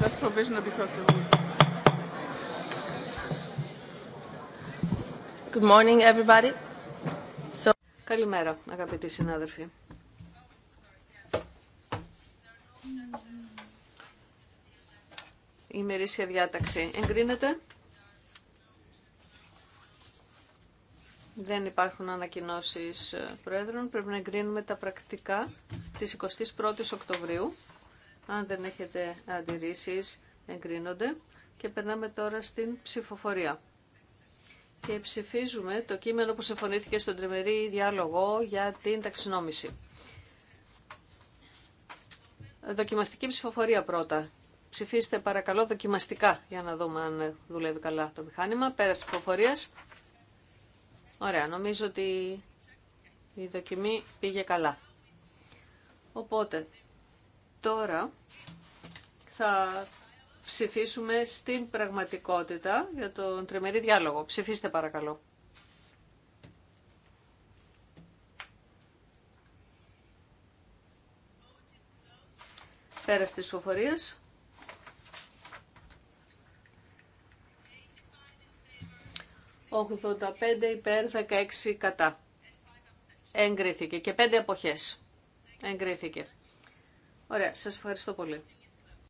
Just because Good morning everybody. So... Καλημέρα αγαπητοί συνάδελφοι. Η ημερήσια διάταξη εγκρίνεται. Δεν υπάρχουν ανακοινώσεις ε, πρόεδρων. Πρέπει να εγκρίνουμε τα πρακτικά της 21ης Οκτωβρίου. Αν δεν έχετε αντιρρήσεις, εγκρίνονται. Και περνάμε τώρα στην ψηφοφορία. Και ψηφίζουμε το κείμενο που συμφωνήθηκε στον τριμερή διάλογο για την ταξινόμηση. Δοκιμαστική ψηφοφορία πρώτα. Ψηφίστε παρακαλώ δοκιμαστικά για να δούμε αν δουλεύει καλά το μηχάνημα. Πέρα τη ψηφοφορίας. Ωραία, νομίζω ότι η δοκιμή πήγε καλά. Οπότε Τώρα θα ψηφίσουμε στην πραγματικότητα για τον τριμερή διάλογο. Ψηφίστε παρακαλώ. Πέρα στις 5 85 υπέρ 16 κατά. Εγκρίθηκε και 5 εποχές. Εγκρίθηκε. Ωραία, σας ευχαριστώ πολύ.